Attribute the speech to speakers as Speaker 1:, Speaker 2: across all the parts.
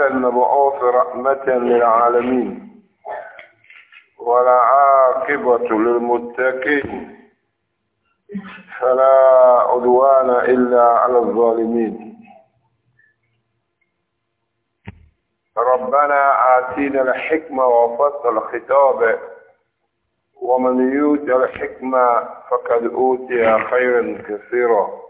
Speaker 1: على المبعوث رحمة للعالمين ولا عاقبة للمتقين فلا عدوان إلا على الظالمين ربنا آتينا الحكمة وفصل الخطاب ومن يوت الحكمة فقد أوتي خيرا كثيرا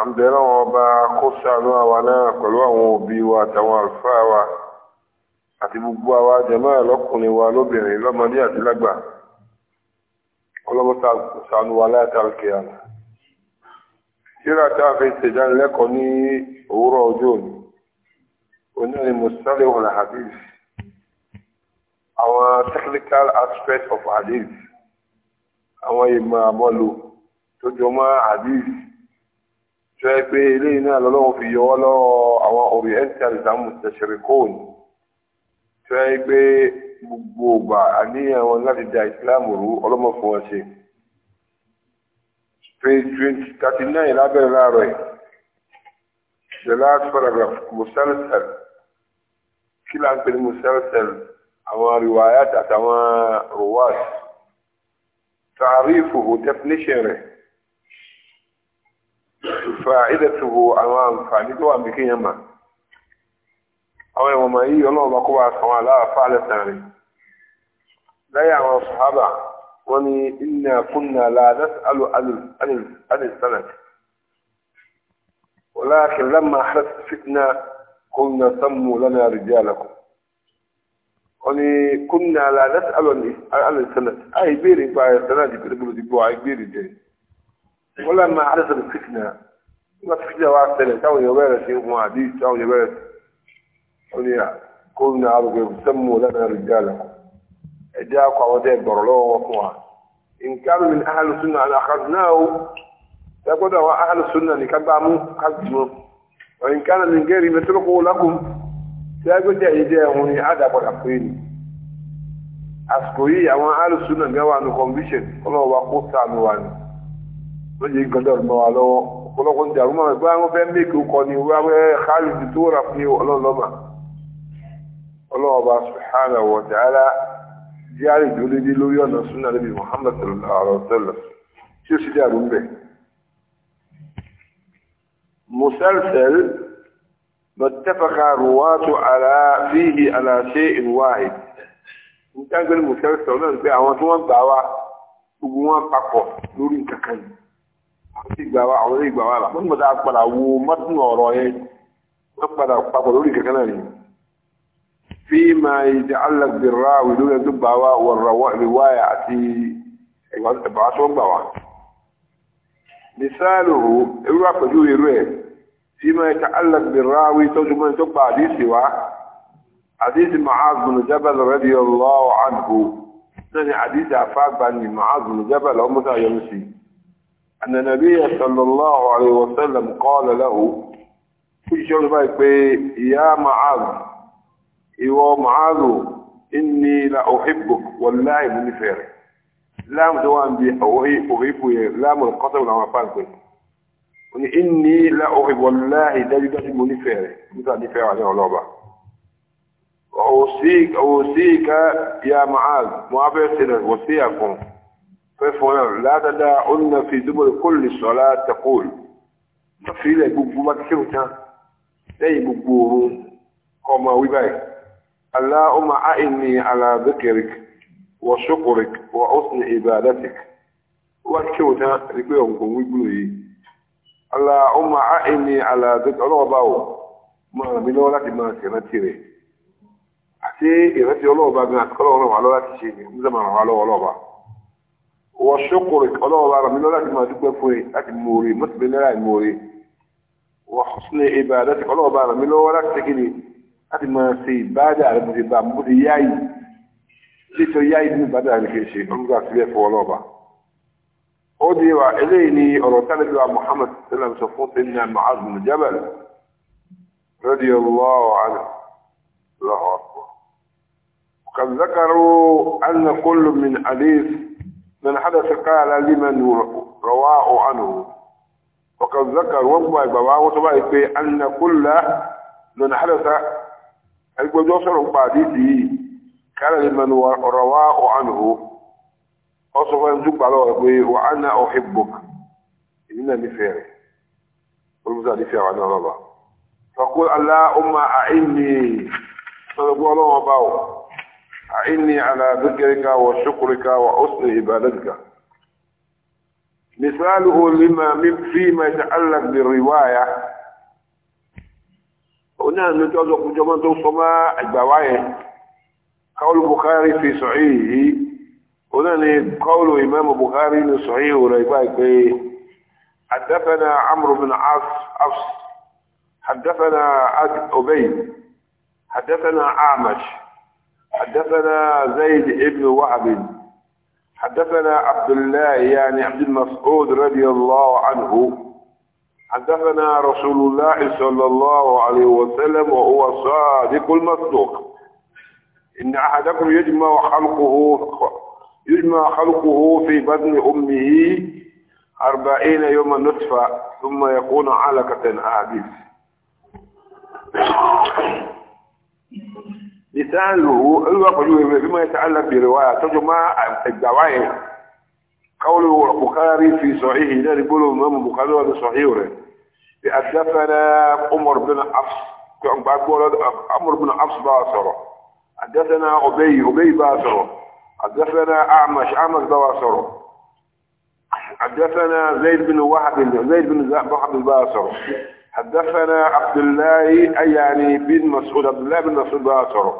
Speaker 1: àmdẹ́rán ọba kó sàánú àwa náà pẹ̀lú àwọn òbí wa àtàwọn àlùfáà wa àti gbogbo àwa jẹ̀mọ́ ẹ̀lọ́kùnrin wa lóbìnrin lọ́mọdé àti lágbà ọlọ́mọ sàánú wa látàrí kìíyàná síra tá a fi ṣèdánilẹ́kọ̀ọ́ ní òwúrọ̀ ọjọ́ òní onírin mùsùlùmí wọn hadith àwọn technical aspect of hadith àwọn ìmọ̀ àmọ́lò tó jọ hadith tó yẹ pé eléyìí náà lọ́lọ́wọ́ fi yọ ọ́ lọ́wọ́ àwọn oriental islamu tẹ̀sẹ̀rẹ̀ kóòn tó yẹ pé gbogbo ògbà àníyàn wọn láti da islam rú ọlọ́mọ fún wọn ṣe page thirty nine láàárọ̀ the last paragraph musalsal kí là ń pè ní musalsal àwọn riwayat àtàwọn ruwat tààrífù definition rẹ̀ fa'idatu àwọn àǹfààní tó wà ní kíyàn mà àwọn ìwọ̀n mà yìí ọlọ́ọ̀bá kó wá sàwọn aláàfáà lẹ́sàn rẹ̀ lẹ́yìn àwọn sàhábà wọ́n ní inna kunna la nas'alu anil sanad walakin lamma halat sanad àìbéèrè nípa sanad ìgbèrègbèrè ìgbò àìbéèrè ولما عرف الفتنة ما فتنة واحدة تو يبارك يوم عديد تو يبارك كلنا عرب يسموا لنا رجالكم اجاكم عودين برلوه وقوها إن كان من أهل السنة أنا أخذناه تقول هو أهل السنة اللي لكبعمه قدمه وإن كان من غيري متركه لكم تقول إيديهوني عدا بالأقوين أسكوي أما أهل السنة قوانو كونفيشن قلوا وقوة سامواني ló yẹ gbọ́dọ̀ mọ́ wa lọ́wọ́ ọ̀pọ̀lọpọ̀ ní dàrú mọ́mọ́ ìgbà wọn fẹ́ mẹ́kì ó kọ ni wáwẹ́ Khalid tó rà fún ọlọ́lọ́mà ọlọ́ọ̀bà subhanahu wa ta'ala yára ìdúródé lórí ọ̀nà súnà níbi Muhammad sallallahu alaihi wa sallam tí ó sì dàrú ń bẹ̀. مسلسل ما اتفق على فيه على شيء واحد nǹkan gbẹ́ni mùsẹ́lẹ̀ sọ̀rọ̀ náà pé àwọn tí wọ́n gbà wá gbogbo wọn papọ̀ lórí nǹkan kan yìí ìgbàwà àwọn ilé ìgbàwà là wọ́n gbọ́dọ̀ apàdà wo mọ́tún ọ̀rọ̀ yẹn wọ́n padà papọ̀ lórí kankan náà ni. fi máa ìdí alágbèrà wìlú rẹ̀ tó gbà wá wọ̀rọ̀ ìwáyà àti ìgbà tó gbà wá. misalu irú àpèjú irú ẹ̀ fi máa ìdí alágbèrà wí tọ́jú mọ́ni tó gba àdísì أن النبي صلى الله عليه وسلم قال له في شغل يا معاذ إيوا معاذ إني لا أحبك والله من فيري لا دوام بي أحبه لام القسم لما فانكم إني لا أحب والله دجاج من فيري مثل نفير عليه الله وأوصيك أوصيك يا معاذ ما بيصير وصيكم فيفون لا تدعن في دبر كل صلاة تقول في لا يبقوا ما كيروتا لا يبقوا كما ويباي اللهم أعني على ذكرك وشكرك وحسن عبادتك وكيروتا ريكويون كون ويبلوي اللهم أعني على ذكر الله باو ما بينو لا تما سيرتي àti ìrántí ọlọ́ọ̀bá gan àti kọ́lọ́ọ̀rọ̀ wà lọ́wọ́ láti ṣe ní ọmọdé màrà wà lọ́wọ́ ọlọ́ọ̀bá وشكرك الله على من لك ما تبقى فوي أكموري مثل لا أكموري وحسن عبادتك الله على من لك تكني أكما سي بعد على مدبا مدياي ليتو ياي من بعد على كل شيء الله سبحانه وتعالى أودي وإليني أرسل إلى محمد صلى الله عليه وسلم صفوت إن معاذ بن جبل رضي الله عنه الله أكبر وقد ذكروا أن كل من حديث من حدث قال لمن رواه عنه وقد ذكر وقبع بابا وطبعك أن كل من حدث الجوجو سرق بعديتي قال لمن رواه عنه أصف ينزق على وأنا أحبك إنني فيري والمزاد فيها عن الله فقل اللهم أعني صدقوا الله وباوه أعني على ذكرك وشكرك وحسن عبادتك مثاله لما فيما يتعلق بالرواية هنا نتوزق جمال صماء البواية قول البخاري في صحيحه هنا قول إمام البخاري في صحيحه رواية حدثنا عمرو بن عاص حدثنا أبي حدثنا أعمش حدثنا زيد بن وعب حدثنا عبد الله يعني عبد المسعود رضي الله عنه حدثنا رسول الله صلى الله عليه وسلم وهو صادق المصدوق إن أحدكم يجمع خلقه يجمع خلقه في بطن أمه أربعين يوما نطفة ثم يكون علقة عابس مثاله الوقت فيما يتعلق برواية تجمع الدواية قوله البخاري في صحيحه لا يقول الإمام البخاري هذا صحيح حدثنا عمر بن عفص كان بقول عمر بن عفص باصرة أدفنا أبي أبي باصرة أدفنا أعمش أعمش باصرة أدفنا زيد بن وهب زيد بن وهب باصرة حدثنا عبد الله يعني بن مسعود عبد الله بن مسعود باطر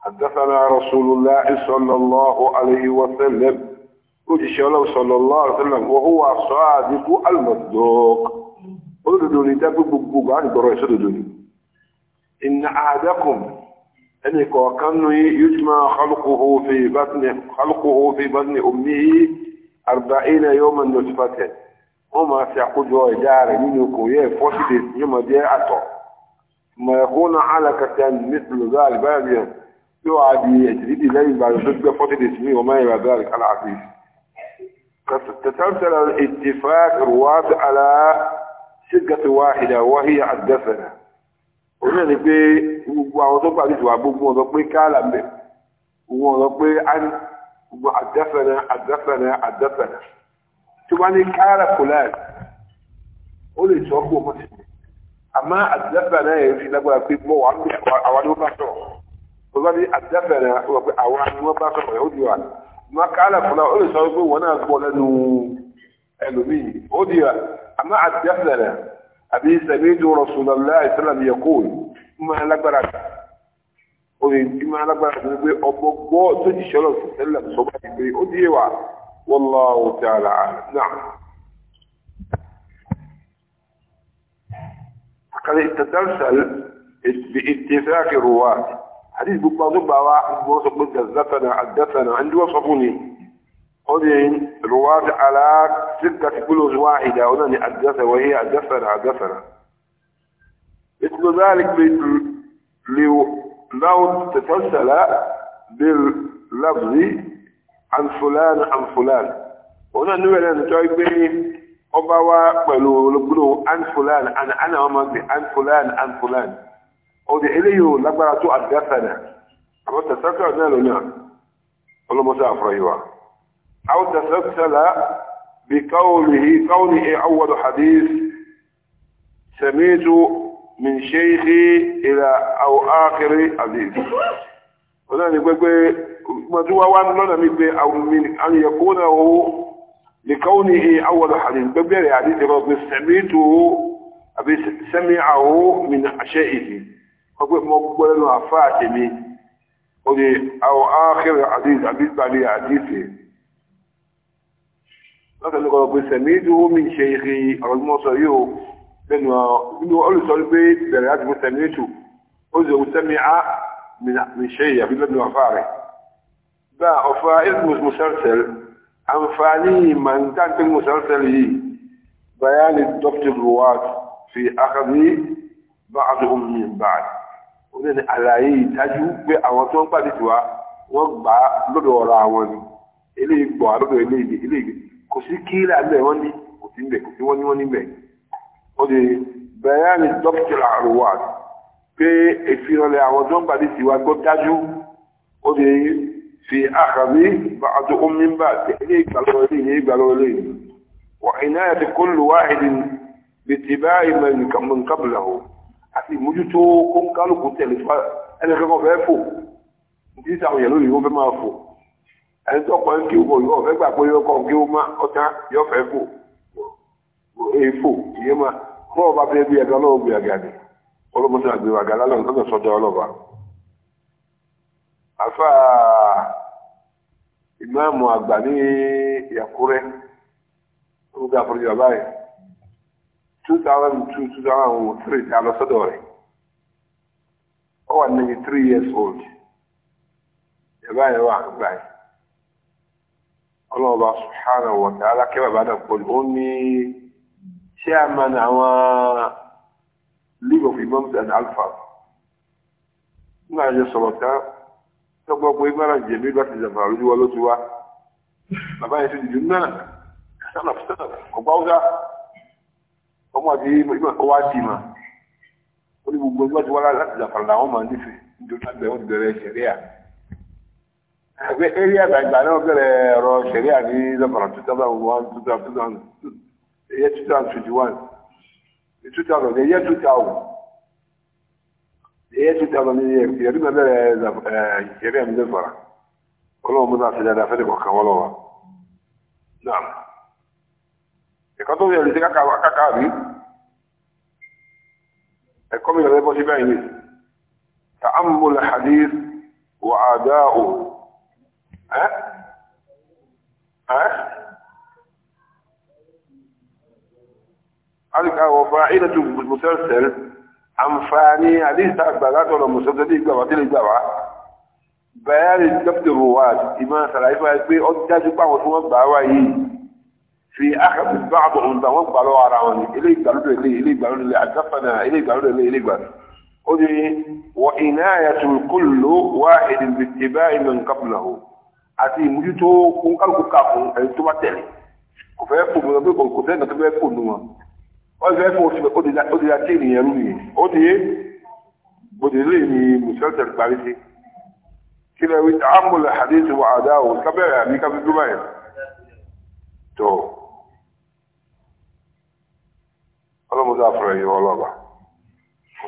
Speaker 1: حدثنا رسول الله صلى الله عليه وسلم قلت الله صلى الله عليه وسلم وهو صادق المصدوق قلت دوني تبقوا عن برئيس دوني إن أحدكم أن يكون يجمع خلقه في بطن خلقه في بطن أمه أربعين يوما نطفة wọ́n máa fi àkójọ ẹ̀dá rẹ̀ nínú okò yẹ forty days ní ọmọ jẹ́ àtọ̀ mọ̀ ẹ̀kọ́ náà alákàtà nítorí ọ̀gá àlùbáyà bíyàn yóò wá di ẹ̀jìdídì lẹ́yìn ìgbà tó gbé forty days ní ọmọ ìrìn àgbà àlùkálà àti تتمثل الاتفاق الرواة على شقة واحدة وهي الدفنة òun ni pé gbogbo àwọn tó pàdé ìwà gbogbo ọ̀dọ́ pé káàlà mẹ́ gbogbo ọ̀dọ́ pé àdáfẹ́nà àdáfẹ́nà àdáfẹ́nà tí wọ́n ní kára kòláì ó lè sọ kó mọ̀ sí mi àmọ́ àdìdáfẹ́ náà yẹn fi lágbára pé mọ́ wà ní àwọn ni wọ́n bá sọ̀rọ̀ wọ́n bá ní àdìdáfẹ́ náà wọ́n pé àwọn ni wọ́n bá sọ̀rọ̀ yẹn ó di wa àmọ́ kára kòláì ó lè sọ pé wọ́n náà gbọ́ lẹ́nu ẹlòmíì ó di wa àmọ́ àdìdáfẹ́ náà àbí sẹ̀mídù Rasulullah ìsìlámù yẹ kó mọ́ lágbára alágbára tó ń gbé ọgbọ́gbọ́ tó jìṣẹ́ lọ sí tẹ́lẹ̀ sọ́gbà ìgbé ó di wa. والله تعالى عالم نعم قد التسلسل باتفاق الرواة حديث بقاضي بواحد وصف من جزتنا عدتنا عند وصفوني قدين رواة على ستة كل واحدة ونني أدثة وهي أدثنا أدثنا مثل ذلك لو تسلسل باللفظ عن فلان عن فلان هنا نولا نتعبني أبوا قالوا لبنو عن فلان أنا أنا أمضي عن فلان عن فلان أو دي إليه لبراتو أدفنا أما تسكر نالنا الله مسافر أيوة أو تسلسل بقوله قوله أول حديث سميت من شيخي إلى أو آخر حديث ọ̀nà ni pẹ́pẹ́ mọ̀túnwá wá lọ́nà mi pé àwọn yẹ̀kọ́ náà ó nìkan ní ihe awọ́lù hàní gbẹ́bẹ̀rẹ̀ àdíjẹ́ kan pé sẹ́mi tó ó àbí sẹ́mi àwọ́ mi ní àṣẹ ìdí wọ́n pé mo gbọ́ lẹ́nu àfá àtẹ̀mí ó ní àwọn ákẹ́rẹ̀ àdíjẹ́ àbí ó mi ṣe ihe من شيء في لبن وفاره باع فائل مسلسل أنفاني من كانت المسلسل هي بيان ضبط الرواة في أخذ بعضهم من بعض ولن àlàyé ìdájú pé àwọn tó ń pàdé tiwa wọ́n gbà á lọ́dọ̀ ọ̀rọ̀ àwọn ni eléyìí gbọ́ àlọ́dọ̀ eléyìí eléyìí kò sí kíílà bẹ́ẹ̀ wọ́n ní kò sí bẹ́ẹ̀ kò sí wọ́n ní wọ́n ní bẹ́ẹ̀ ó di بيان ضبط الرواة pé ìfihànlẹ̀ àwọn tó ń bàdé sí wa gbọ́ dájú ó lè fi àkàrí bá àti omi ń bà tẹ́ ilé ìgbàlọ́ ilé ilé ìgbàlọ́ ilé wà iná àti kólù wáhìdì bí ti báyìí mẹ́rin kàmùn kábìlà o àti ìmójútó kó ń kálukú tẹ̀lé fún ẹni kankan fẹ́ fò ní olómọ́sí àgbèrò àgàlá lọ́dọ̀ sọ́dọ̀ ọlọ́ba afa ìmáàmù àgbà ní Àkúrẹ́ orúkọ àforíjì bàbá rẹ̀ 2002-2003 ta lọ sọ́dọ̀ rẹ̀ ó wà ní 3 years old bàbá rẹ̀ wà àgbà yìí ọlọ́ọ̀bá subhanahu wa ta'ala kẹ́ bàbá náà pọ̀lú ó ní chairman àwọn league of imams and alphas nígbà yẹn sọ̀rọ̀ ká tọ́gbọ́ pé gbára jẹ̀mí láti jàmbá lójú wa lójú wa bàbá yẹn ti dùn náà sálà sálà ọgbà ọgá ọmọ àti ìgbà kọ́ wá dì mà ó ní gbogbo ẹgbẹ́ tí wọ́n láti jàmbá làwọn máa nífẹ̀ẹ́ nítorí láti bẹ̀rẹ̀ bẹ̀rẹ̀ ṣẹ̀ríà ẹgbẹ́ eré àgbàgbà náà bẹ̀rẹ̀ ọ̀rọ̀ ṣẹ̀ríà ní zambara two thousand one two thousand two thousand two thousand twenty one the two thousand the year two thousand the year two thousand yẹ yẹri ma bẹ̀rẹ̀ ẹ yẹri àmì lẹfara kọlọmọ náà ti dáadáa fẹẹ kọkàn wọn lọ́wọ́ naam ẹ̀kọ́ tó yẹ lùsí káka káka rí ẹ̀kọ́ mi lọ bọ sí báyìí ta'ammul hadith wa adaa'u ẹ. وفائدة المسلسل أنفاني حديث أكبرات ولا مسلسل إقبع وطيل إقبع بيان جبت الرواة إما سلعيفة يقول أدى جبع وطوان بعوائي في أخذ بعض عمدا وقبلوا عراني إليه قالوا له إليه إليه قالوا له أعتقنا إليه قالوا له إليه قالوا له وإناية الكل واحد باتباع من قبله àti ìmójútó kóńkálùkù kàfún ẹni tó bá tẹ̀lé kò fẹ́ fò mọ́ pé kò sẹ́yìn tó fẹ́ fò nù wọn wọ́n fẹ́ fún oṣù ó ti da tí ènìyàn rú yìí ó ti yé bó ti lè ní mùsùlùmí parí sí kí lè wí àmúlẹ̀ hadith wa àdá o kábẹ́rẹ̀ àbí kábí tó ọlọ́mọdé àfẹ́rẹ́ yìí ọlọ́ba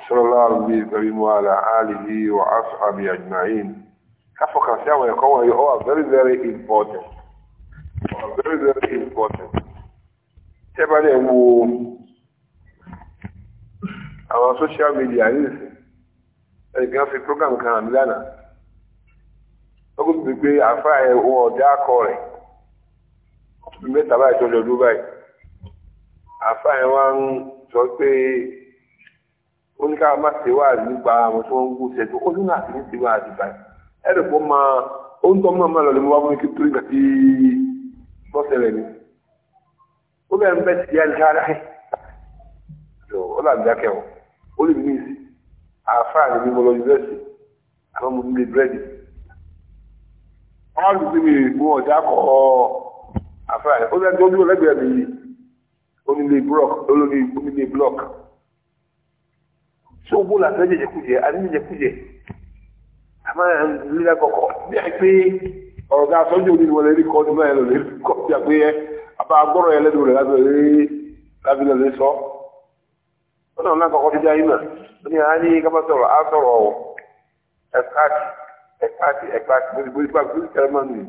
Speaker 1: صلى الله عليه وسلم وعلى آله وأصحابه أجمعين كفو كان سيما يقوم very very important very very important tẹ́bàlẹ̀ wo àwọn social media yìí ẹnìkan fi program kan àmì lánàá ó kò tó pé àfa ẹ̀ wọ ọ̀dà akọ rẹ̀ tó mẹ́ta báyìí tó lọ́dún báyìí àfa ẹ̀ wá ń sọ pé ó ní ká má ṣe wá nípa àwọn tí wọ́n ń gbóṣẹ́ tó ó ní náà sì ń ṣe wá àdìbà ẹ̀rù kó máa ó ń tọ́ mọ́ máa lọ lè mú wá fún mi tó nígbà tí bọ́sẹ̀lẹ̀ ni ó bẹ̀rẹ̀ ń bẹ́ ti yá ní kára ẹ̀ ó lè mí sí àáfàá ni mi mo lọ yunifásitì àwọn mo lè bírèdì wọn lù sí mi mú ọjà kọ àáfàá yẹn ó lè tó dúró lẹ́gbẹ̀ẹ́ mi yìí onílé block onílé block tí ó bó làtọ́ jẹjẹkújẹ àníjẹjẹkújẹ àmọ́ lílẹ̀ kọ̀kọ̀ bí i pé ọ̀gá sọ́jọ́ òní wọlé rí kọ́ọ̀dù náà lọ́lẹ́ kọ́ọ̀dù àgbéyẹ àbá agbọ́rọ̀ yẹn lẹ́nu rẹ̀ lábẹ́lẹ́ sọ ọ̀nà ọ̀nà kọ̀kọ́ dídá yìí mà ó ní àá ní kábà sọ̀rọ̀ á sọ̀rọ̀ ẹ̀káàtì ẹ̀káàtì ẹ̀káàtì gbogbo ìgbà gbogbo ìkẹrẹ yìí.